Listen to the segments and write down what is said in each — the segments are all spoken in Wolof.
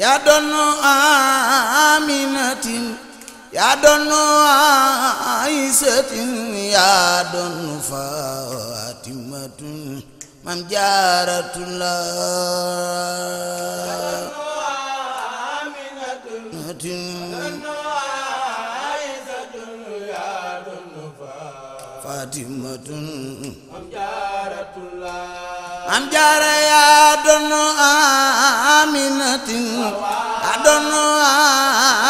yaa doonu Aminatin yaa doonu Aysatin yaa doonu Fatimatun mam jaaratul la Fatimatun mam jaaratul la am jaara yaa doonu Aminatin yaa doonu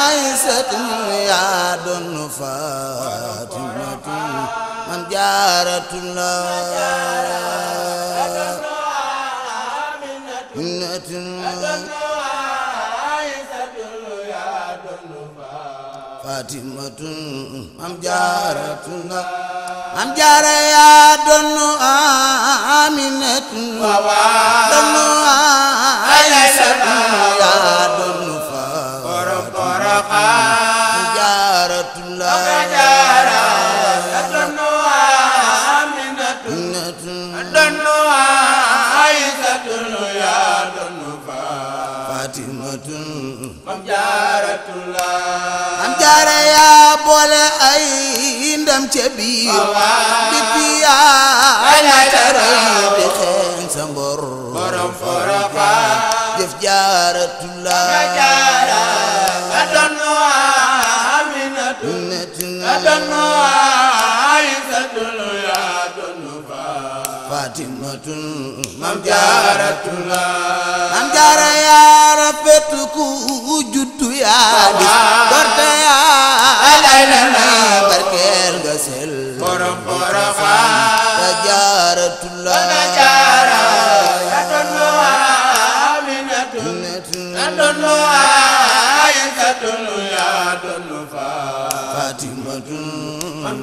Aysatin yaa doonu Fatimatu am jaaratu la Aminatin Fatimatu am jaaratu la mam jaara yaa donnu Aminatu donnu Aysatu yaa donnu Fatima jaaratullah yaa donnu Aminatu donnu Aysatu yaa donnu Fatima mam jaaratullah dem ca biir di piyaa la taray di xeeñ sa mbor borom forofa jëf jaaratula jaara adono aminatu adono aisatul ya adono fa fatimatul mam jaaratula mam jaara yaa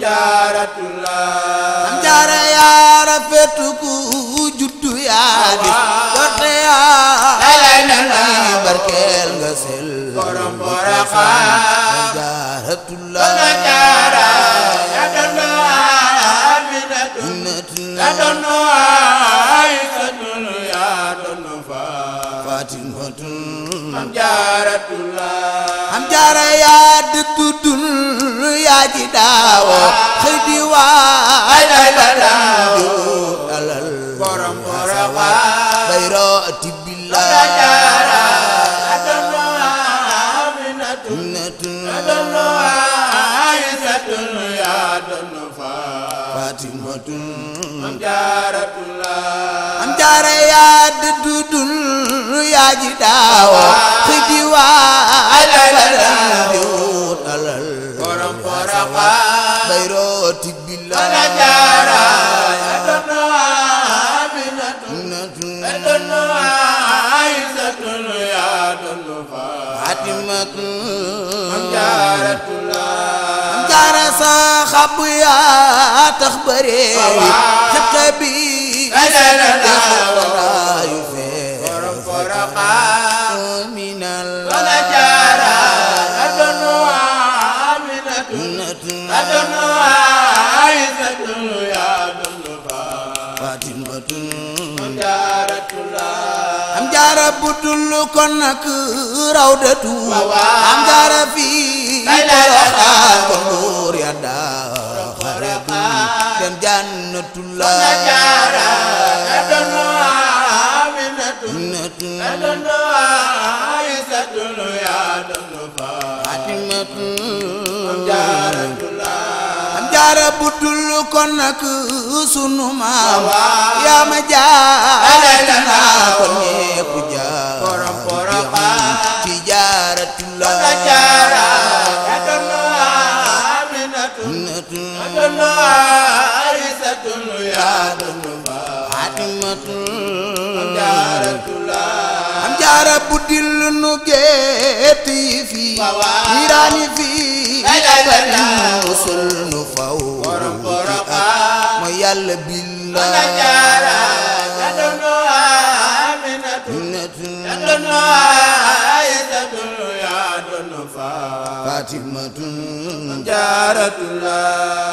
am jaara yaa rafet ku juddu yaa di gorte yaa lay na la barkeel nga sel borom boraxaan jaaratullah la jaara yaa dono aminatu la am jaara yaa ji daawo xëy di waay lay la daawo alal borom borom bayro atibillah am jaara yaa dëddu dul yaa ji daawo xëy di waay lay la daawo خيرات بالله جارا أدنى آمنة أدنى عائزة يا دنى فاطمة أمجارة الله أمجارة صاحب يا تخبري تقبي أنا لا وراي فرق فرقا آمنة am jaara budul kon nak raw datu am jaara fii toroxaan kon góor ya daxare du dem jannatula jaara na dono aminatu na dono aisatu ya dono fatimatu am jaara jaara bu dul kon nag sunu maam yaa ma jaara tanaa ko ñépp jaara ci jaaratu la jaara yaa dara budil nu géeti fi iraani fi usul nu faw mo yàlla billah Faatimatun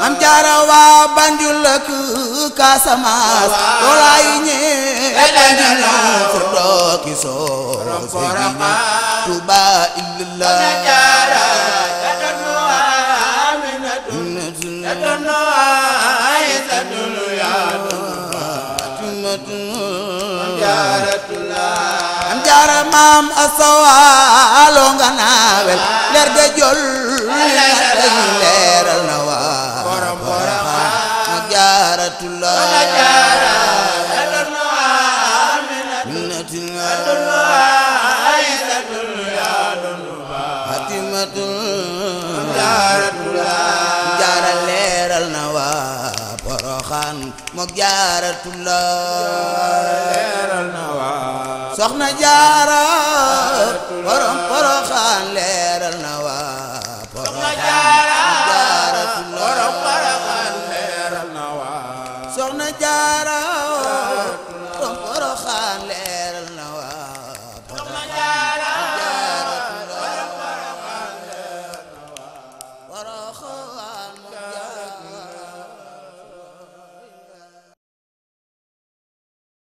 am jaara waa Banjul ak Casamance walaay ñee dañu furdo ki soo Seydina Touba illallah am jaara maam asawa loo nga naawel leer de jol teral na waa Poroxaan moog Jaaratullah teral na waa soxna Jaara